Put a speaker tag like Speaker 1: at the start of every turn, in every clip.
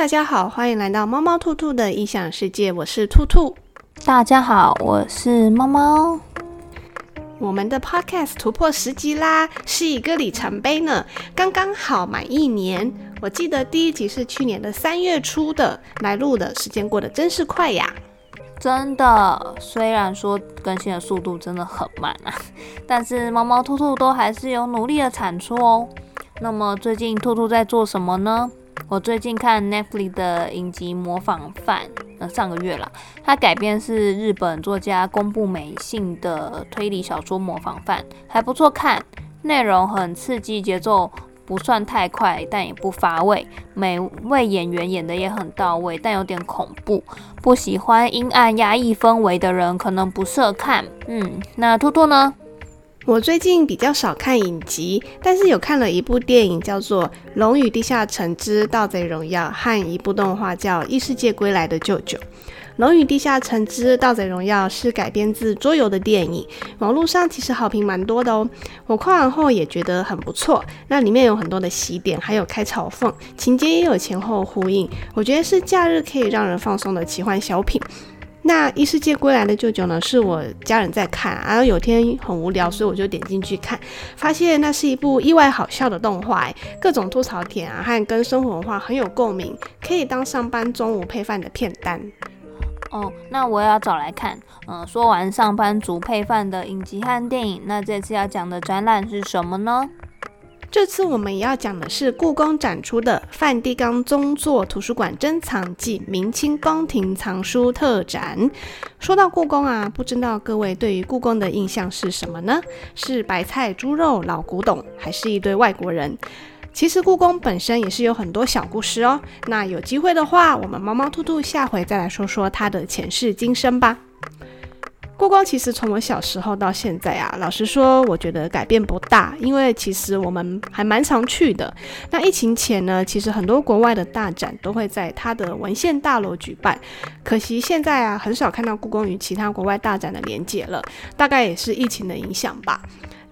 Speaker 1: 大家好，歡迎來到貓貓兔兔的異想世界，我是兔兔。
Speaker 2: 大家好，我是貓貓。
Speaker 1: 我們的 podcast 突破十集啦，是一個里程碑呢，剛剛好滿一年。我記得第一集是去年的三
Speaker 2: 月初的來錄的，時間過得真是快呀，真的。雖然說更新的速度真的很慢啊，但是貓貓兔兔都還是有努力的產出哦。那麼最近兔兔在做什麼呢？我最近看 Netflix 的影集《模仿犯》，呃，上個月了。它改編是日本作家宮部美幸的推理小說《模仿犯》，還不錯看，內容很刺激，節奏不算太快，但也不乏味。每位演員演的也很到位，但有點恐怖。不喜歡陰暗壓抑氛圍的人可能不適合看。嗯，那兔兔呢？
Speaker 1: 我最近比較少看影集，但是有看了一部電影叫做《龍與地下城之盜賊榮耀》和一部動畫叫《異世界歸來的舅舅》。《龍與地下城之盜賊榮耀》是改編自桌遊的電影，網絡上其實好評蠻多的哦。我看完後也覺得很不錯，那裡面有很多的喜點，還有開嘲諷，情節也有前後呼應，我覺得是假日可以讓人放鬆的奇幻小品。那異世界歸來的舅舅呢？是我家人在看，啊，然後有天很無聊，所以我就點進去看，發現那是一部意外好笑的動畫，欸，各種吐槽點啊，和跟生活文化很有共鳴，可以當上班中午
Speaker 2: 配飯的片單。哦，那我要找來看。嗯、呃，說完上班族配飯的影集和電影，那這次要講的展覽是什麼呢？這次我們也要講的是故宮展出的《梵蒂岡宗座圖
Speaker 1: 書館珍藏暨明清宮廷藏書特展》。說到故宮啊，不知道各位對於故宮的印象是什麼呢？是白菜豬肉老古董，還是一堆外國人？其實故宮本身也是有很多小故事哦。那有機會的話，我們毛毛兔兔下回再來說說它的前世今生吧。故宮其實從我小時候到現在啊，老實說，我覺得改變不大，因為其實我們還蠻常去的。那疫情前呢，其實很多國外的大展都會在它的文獻大樓舉辦，可惜現在啊，很少看到故宮與其他國外大展的連結了，大概也是疫情的影響吧。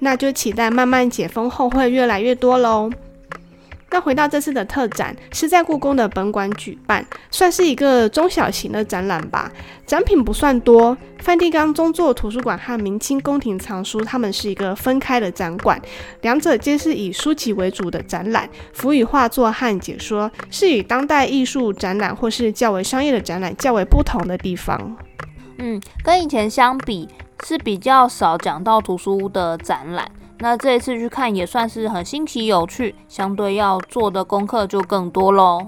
Speaker 1: 那就期待慢慢解封後會越來越多嘍。那回到這次的特展，是在故宮的本館舉辦，算是一個中小型的展覽吧。展品不算多，梵蒂岡宗座圖書館和明清宮廷藏書，它們是一個分開的展館，兩者皆是以書籍為主的展覽，輔以畫作和解說，是與當代藝術
Speaker 2: 展覽或是
Speaker 1: 較為商業的展覽較為不同的地方。
Speaker 2: 嗯，跟以前相比，是比較少講到圖書的展覽。那這一次去看也算是很新奇有趣，相對要做的功課就更多嘍。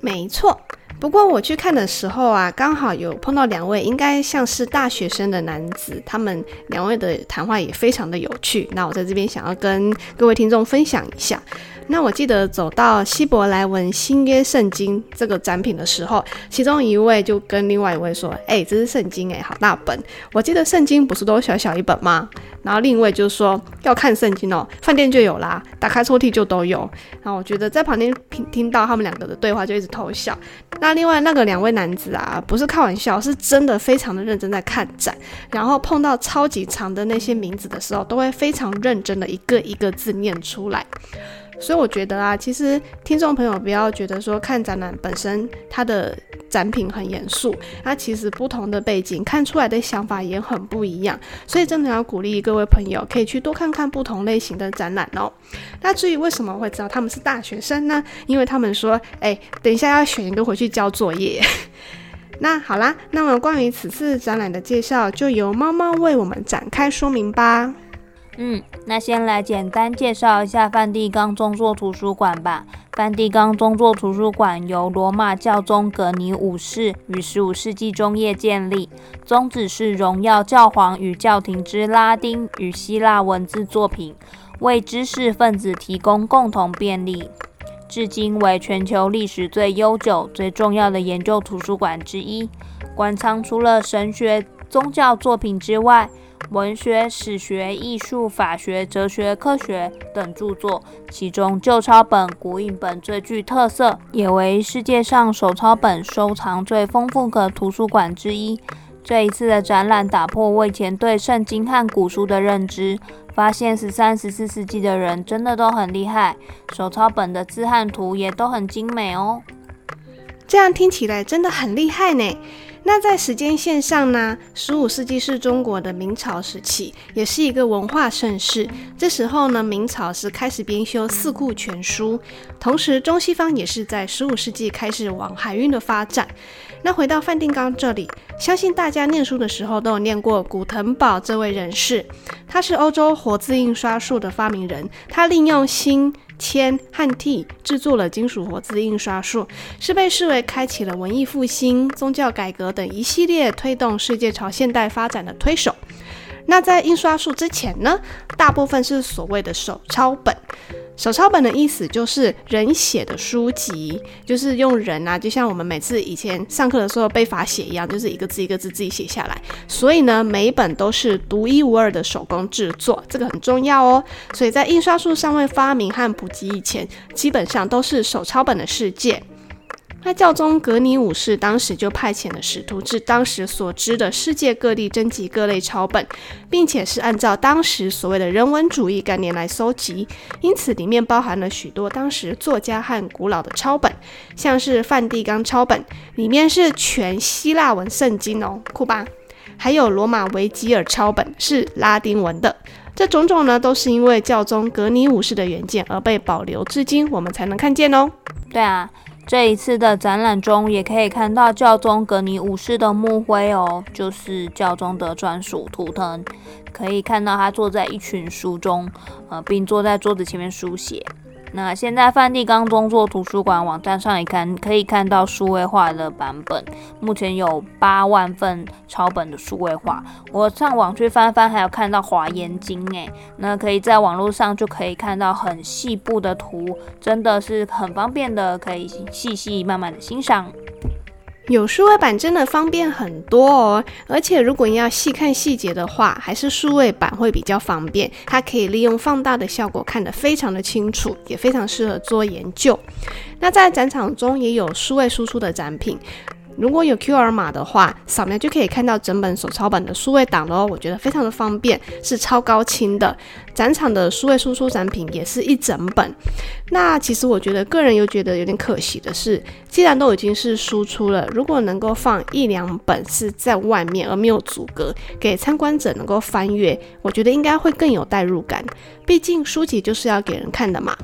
Speaker 2: 沒錯，
Speaker 1: 不過我去看的時候啊，剛好有碰到兩位應該像是大學生的男子，他們兩位的談話也非常的有趣。那我在這邊想要跟各位聽眾分享一下。那我記得走到希伯來文新約聖經這個展品的時候，其中一位就跟另外一位說：“哎、欸，這是聖經哎、欸，好大本。”我記得聖經不是都小小一本嗎？然後另一位就說要看聖經哦、喔，飯店就有啦，打開抽屜就都有。然後我覺得在旁邊聽聽到他們兩個的對話，就一直偷笑。那另外那個兩位男子啊，不是開玩笑，是真的非常的認真在看展，然後碰到超級長的那些名字的時候，都會非常認真的一個一個字念出來。所以我覺得啊，其實聽眾朋友不要覺得說看展覽本身它的展品很嚴肅，那其實不同的背景看出來的想法也很不一樣。所以真的要鼓勵各位朋友可以去多看看不同類型的展覽哦。那至於為什麼會知道他們是大學生呢？因為他們說，哎、欸，等一下要選一個回去交作業。 那好啦，那麼關於此次展覽的介紹，就由貓貓為我們展開說明吧。
Speaker 2: 嗯，那先來簡單介紹一下梵蒂岡宗座圖書館吧。梵蒂岡宗座圖書館由羅馬教宗格尼五世於15世紀中葉建立，宗旨是榮耀教皇與教廷之拉丁與希臘文字作品，為知識分子提供共同便利。至今為全球歷史最悠久、最重要的研究圖書館之一。館藏除了神學宗教作品之外，文學、史學、藝術、法學、哲學、科學等著作，其中舊抄本、古印本最具特色，也為世界上手抄本收藏最豐富的圖書館之一。這一次的展覽打破我以前對聖經和古書的認知，發現十三、十四世紀的人真的都很厲害，手抄本的字和圖也都很精美哦。
Speaker 1: 這樣聽起來真的很厲害呢。那在時間線上呢？十五世紀是中國的明朝時期，也是一個文化盛世。這時候呢，明朝是開始編修《四庫全書》，同時中西方也是在十五世紀開始往海運的發展。那回到梵蒂岡這裡，相信大家念書的時候都有念過古騰堡這位人士，他是歐洲活字印刷術的發明人，他利用新鉛和銻製作了金屬活字印刷術，是被視為開啟了文藝復興、宗教改革等一系列推動世界朝現代發展的推手。那在印刷術之前呢，大部分是所謂的手抄本。手抄本的意思就是人寫的書籍，就是用人啊，就像我們每次以前上課的時候被罰寫一樣，就是一個字一個字自己寫下來。所以呢，每一本都是獨一無二的手工制作，這個很重要哦。所以在印刷術尚未發明和普及以前，基本上都是手抄本的世界。那教宗格尼五世當時就派遣了使徒，至當時所知的世界各地徵集各類抄本，並且是按照當時所謂的人文主義概念來搜集，因此裡面包含了許多當時作家和古老的抄本，像是梵蒂岡抄本裡面是全希臘文聖經哦，酷吧？還有羅馬維吉爾抄本是拉丁文的，這種種呢都是因為教宗格尼五
Speaker 2: 世的遠見而被保留至今，我們才能看見哦。對啊。這一次的展覽中，也可以看到教宗格尼五世的牧徽哦，就是教宗的專屬圖騰，可以看到他坐在一群書中，呃，並坐在桌子前面書寫。那現在梵蒂岡宗座圖書館網站上一看，可以看到數位化的版本，目前有八萬份抄本的數位化。我上網去翻翻，還有看到《華嚴經》哎，那可以在網絡上就可以看到很細部的圖，真的是很方便的，可以細細慢慢的欣賞。
Speaker 1: 有數位板真的方便很多哦，而且如果你要細看細節的話，還是數位板會比較方便，它可以利用放大的效果看得非常的清楚，也非常適合做研究。那在展場中也有數位輸出的展品。如果有 QR 碼的話，掃描就可以看到整本手抄本的數位檔嘍。我覺得非常的方便，是超高清的。展場的數位輸出展品也是一整本。那其實我覺得個人又覺得有點可惜的是，既然都已經是輸出了，如果能夠放一兩本是在外面而沒有阻隔，給參觀者能夠翻閱，我覺得應該會更有代入感。畢竟書籍就是要給人看的嘛。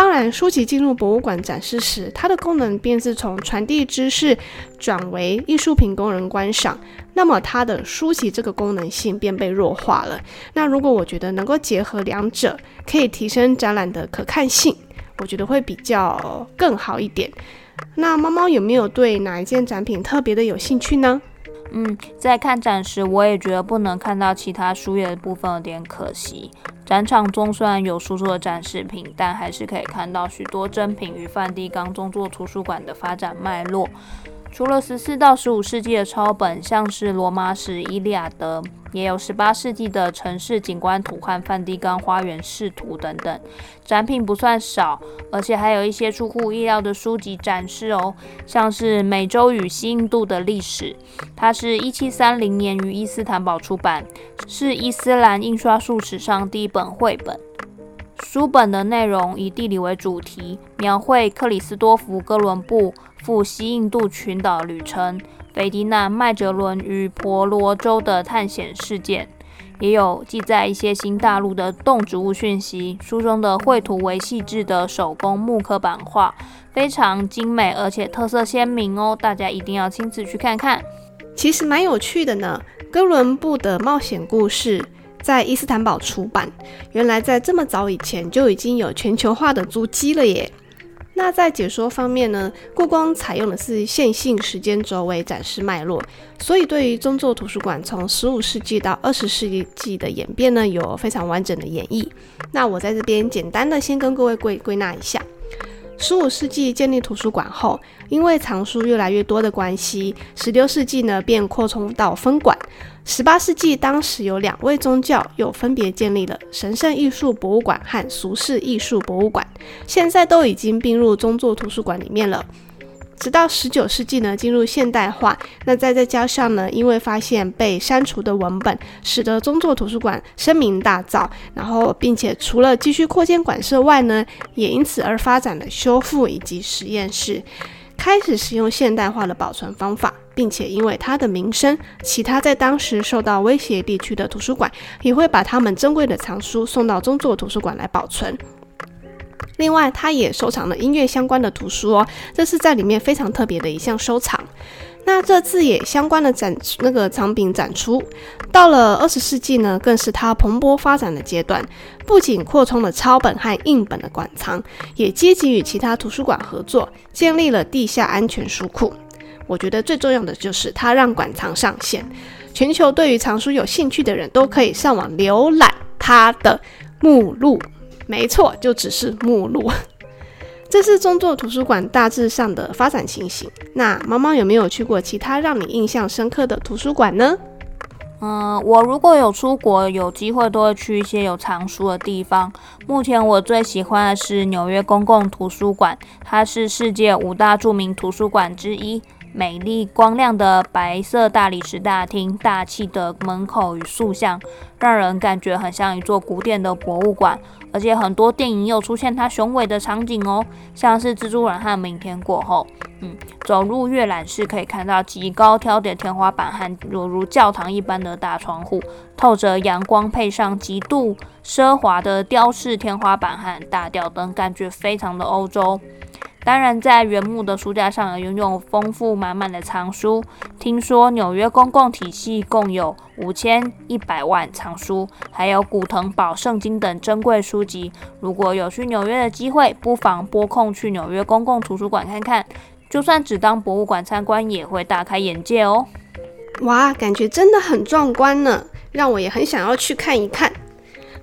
Speaker 1: 當然，書籍進入博物館展示時，它的功能便是從傳遞知識轉為藝術品供人觀賞，那麼它的書籍這個功能性便被弱化了。那如果我覺得能夠結合兩者，可以提升展覽的可看性，我覺得會比較更好一點。那貓貓有沒有對哪一件展品特別的有興趣呢？嗯，
Speaker 2: 在看展時，我也覺得不能看到其他書頁的部分有點可惜。展場中雖然有書桌的展示品，但還是可以看到許多珍品與梵蒂岡宗座圖書館的發展脈絡。除了十四到十五世紀的抄本，像是羅馬史、伊利亞德，也有十八世紀的城市景觀圖和梵蒂岡花園視圖等等，展品不算少，而且還有一些出乎意料的書籍展示哦，像是《美洲與西印度的歷史》，它是一七三零年於伊斯坦堡出版，是伊斯蘭印刷術史上第一本繪本。書本的內容以地理為主題，描繪克里斯多福·哥倫布赴西印度群島旅程、費迪南·麥哲倫與婆羅洲的探險事件，也有記載一些新大陸的動植物訊息。書中的繪圖為細緻的手工木刻版畫，非常精美，而且特色鮮明哦，大家一定要親自去看看。其實蠻有趣的呢，哥倫布
Speaker 1: 的冒險故事。在伊斯坦堡出版，原來在這麼早以前就已經有全球化的足跡了耶。那在解說方面呢，故宮採用的是線性時間軸為展示脈絡，所以對於宗座圖書館從十五世紀到二十世紀的演變呢，有非常完整的演繹。那我在這邊簡單的先跟各位歸歸納一下。十五世紀建立圖書館後，因為藏書越來越多的關係，十六世紀呢便擴充到分館。十八世紀，當時有兩位宗教又分別建立了神聖藝術博物館和俗世藝術博物館，現在都已經併入宗座圖書館裡面了。直到十九世紀呢，進入現代化。那再再加上呢，因為發現被刪除的文本，使得宗座圖書館聲名大噪。然後，並且除了繼續擴建館舍外呢，也因此而發展了修復以及實驗室，開始使用現代化的保存方法。並且因為它的名聲，其他在當時受到威脅地區的圖書館也會把他們珍貴的藏書送到宗座圖書館來保存。另外，他也收藏了音樂相關的圖書哦，這是在裡面非常特別的一項收藏。那這次也相關的展那個藏品展出到了二十世紀呢，更是他蓬勃發展的階段。不僅擴充了抄本和印本的館藏，也積極與其他圖書館合作，建立了地下安全書庫。我覺得最重要的就是它讓館藏上線，全球對於藏書有興趣的人都可以上網瀏覽它的目錄。沒錯，就只是目錄。這是宗座圖書館大致上的發展情形。
Speaker 2: 那貓貓有沒有去過其他讓你印象深刻的圖書館呢？嗯，我如果有出國有機會，都會去一些有藏書的地方。目前我最喜歡的是紐約公共圖書館，它是世界五大著名圖書館之一。美麗光亮的白色大理石大廳，大氣的門口與塑像，讓人感覺很像一座古典的博物館。而且很多電影又出現它雄偉的場景哦，像是《蜘蛛人》和《明天過後》。嗯，走入閱覽室可以看到極高挑的天花板和猶如，如教堂一般的大窗戶，透着陽光，配上極度奢華的雕飾天花板和大吊燈，感覺非常的歐洲。當然，在原木的書架上擁有豐富滿滿的藏書。聽說紐約公共體系共有五千一百萬藏書，還有古騰堡聖經等珍貴書籍。如果有去紐約的機會，不妨撥空去紐約公共圖書館看看，就算只當博物館參觀，也會大開眼界哦。哇，感覺
Speaker 1: 真的很壯觀呢，讓我也很想要去看一看。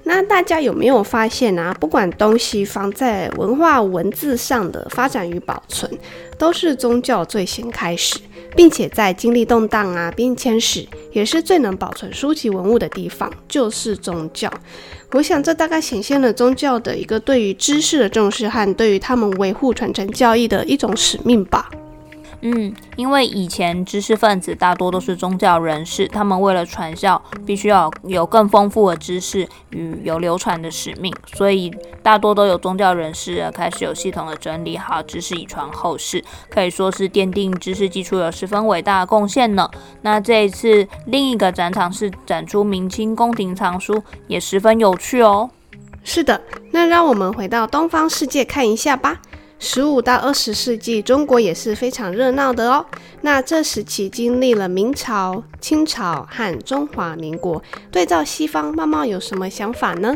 Speaker 1: 那大家有沒有發現啊？不管東西方在文化文字上的發展與保存，都是宗教最先開始，並且在經歷動盪啊變遷時，也是最能保存書籍文物的地方，就是宗教。我想這大概顯現了宗教的一個對於知識的重視和對於他們維護傳承教義的一種使命吧。
Speaker 2: 嗯，因為以前知識分子大多都是宗教人士，他們為了傳教，必須要有更豐富的知識與有流傳的使命，所以大多都有宗教人士開始有系統的整理好知識以傳後世，可以說是奠定知識基礎有十分偉大的貢獻呢。那這一次另一個展場是展出明清宮廷藏書，也十分有趣哦。是的，那讓我們
Speaker 1: 回到東方世界看一下吧。十五到二十世紀，中國也是非常熱鬧的哦。那這時期經歷了明朝、清朝和中華民
Speaker 2: 國。對照西方，媽媽有什麼想法呢？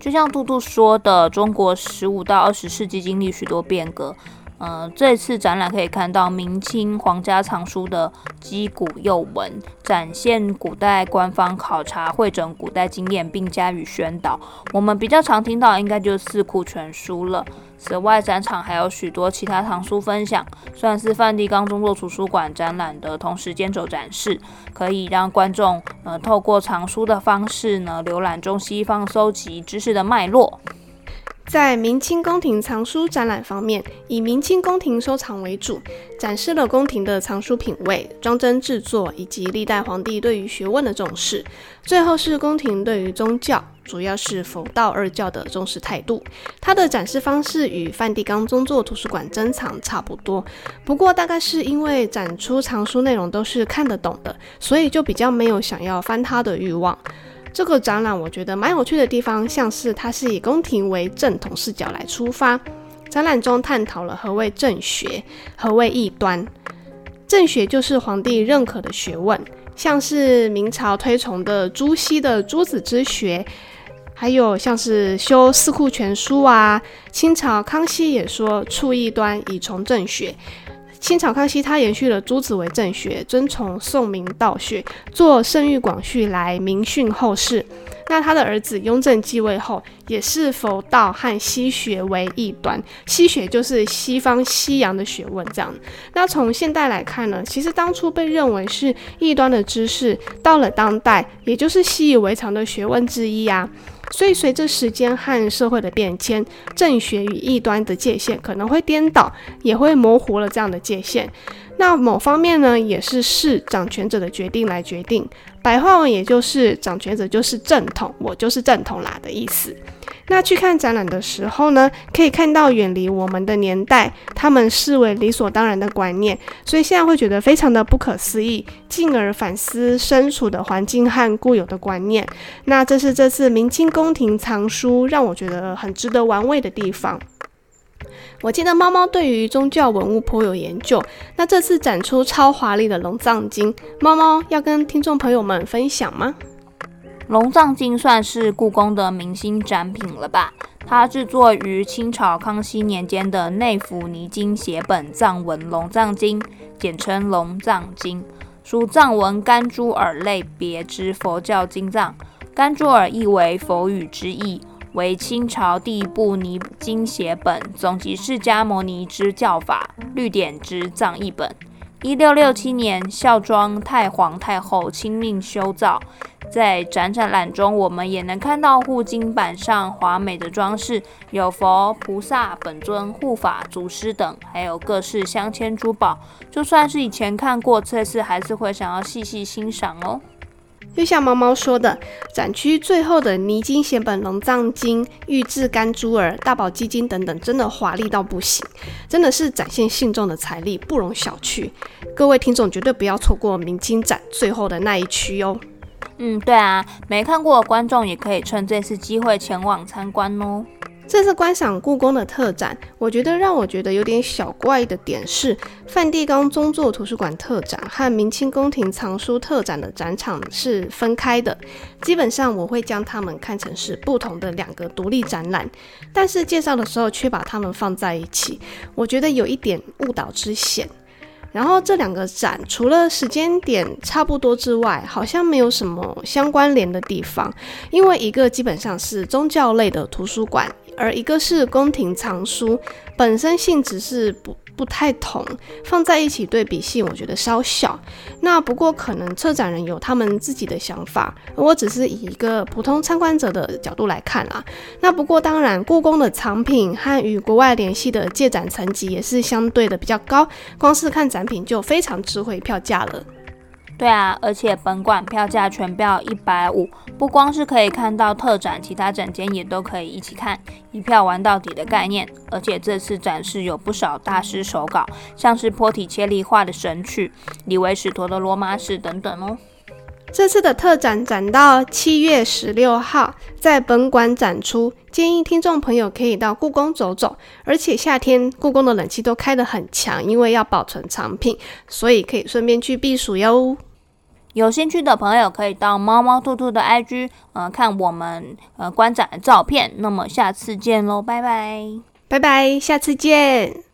Speaker 2: 就像杜杜說的，中國十五到二十世紀經歷許多變革。嗯、呃，這次展覽可以看到明清皇家藏書的稽古右文，展現古代官方考察、匯整、古代經驗並加以宣導。我們比較常聽到應該就是《四庫全書》了。此外，展場還有許多其他藏書分享，算是梵蒂岡宗座圖書館展覽的同時間軸展示，可以讓觀眾呃透過藏書的方式呢，瀏覽中西方搜集知識的脈絡。在
Speaker 1: 明清宮廷藏書展覽方面，以明清宮廷收藏為主，展示了宮廷的藏書品位、裝幀制作以及歷代皇帝對於學問的重視。最後是宮廷對於宗教，主要是佛道二教的重視態度。它的展示方式與梵蒂岡宗座圖書館珍藏差不多，不過大概是因為展出藏書內容都是看得懂的，所以就比較沒有想要翻它的欲望。這個展覽我覺得蠻有趣的地方，像是它是以宮廷為正統視角來出發。展覽中探討了何謂正學，何謂異端。正學就是皇帝認可的學問，像是明朝推崇的朱熹的朱子之學，還有像是修《四庫全書》啊。清朝康熙也說：“黜異端，以崇正學。”清朝康熙，他延續了朱子為正學，遵從宋明道學，做《聖諭廣訓》來明訓後世。那他的兒子雍正繼位後，也是佛道和西學為異端。西學就是西方西洋的學問。這樣，那從現代來看呢？其實當初被認為是異端的知識，到了當代，也就是習以為常的學問之一啊。所以，隨着時間和社會的變遷，正學與異端的界限，可能會顛倒，也會模糊了這樣的界限。那某方面呢，也是視掌權者的決定來決定。白話文也就是掌權者就是正統，我就是正統啦的意思。那去看展覽的時候呢，可以看到遠離我們的年代，他們視為理所當然的觀念，所以現在會覺得非常的不可思議，進而反思身處的環境和固有的觀念。那這是這次明清宮廷藏書，讓我覺得很值得玩味的地方。我記得貓貓對於宗教文物頗有研究，那這次展出超華麗的《龍藏經》，貓貓要跟聽眾朋友們分享嗎？
Speaker 2: 《龍藏經》算是故宮的明星展品了吧？它制作於清朝康熙年間的內府泥金寫本藏文《龍藏經》，簡稱《龍藏經》，屬藏文甘珠爾類別之佛教經藏，甘珠爾意為佛語之意。為清朝第一部泥金寫本，總集釋迦牟尼之教法，綠點之藏譯本。一六六七年，孝莊太皇太后親命修造。在展展覽中，我們也能看到護經板上華美的裝飾，有佛、菩薩、本尊、護法、祖師等，還有各式鑲嵌珠寶。就算是以前看過，這次還是會想要細細欣賞哦。就像貓貓
Speaker 1: 說的，展區最後的泥金寫本《龍藏經》、玉製甘珠爾、大寶積經等等，真的華麗到不行，真的是展現信眾的財力，不容小覷。
Speaker 2: 各位聽眾絕對不要錯過明金展最後的那一區哦。嗯，對啊，沒看過的觀眾也可以趁這次機會前往參觀哦。這次觀
Speaker 1: 賞故宮的特展，我覺得讓我覺得有點小怪的點是，梵蒂岡宗座圖書館特展和明清宮廷藏書特展的展場是分開的。基本上我會將它們看成是不同的兩個獨立展覽，但是介紹的時候卻把它們放在一起，我覺得有一點誤導之嫌。然後這兩個展除了時間點差不多之外，好像沒有什麼相關聯的地方，因為一個基本上是宗教類的圖書館。而一個是宮廷藏書，本身性質是不不太同，放在一起對比性，我覺得稍小。那不過可能策展人有他們自己的想法，我只是以一個普通參觀者的角度來看啦、啊。那不過當然，故宮的藏品和與國外聯繫的借展層級也是相對的比較高，光是看展品就非常值回票價了。
Speaker 2: 對啊，而且本館票價全票一百五，不光是可以看到特展，其他展間也都可以一起看，一票玩到底的概念。而且這次展示有不少大師手稿，像是波提切利畫的《神曲》，李維史陀的《羅馬史》等等哦。
Speaker 1: 這次的特展展到七月十六號，在本館展出，建議聽眾朋友可以到故宮走走。而且夏天故宮的冷氣都開得很強，因為要保存藏品，
Speaker 2: 所以可以順便去避暑喲。有興趣的朋友可以到貓貓兔兔的 IG，呃，看我們，呃，觀展的照片。那麼下次見嘍，拜拜，拜拜，下次見。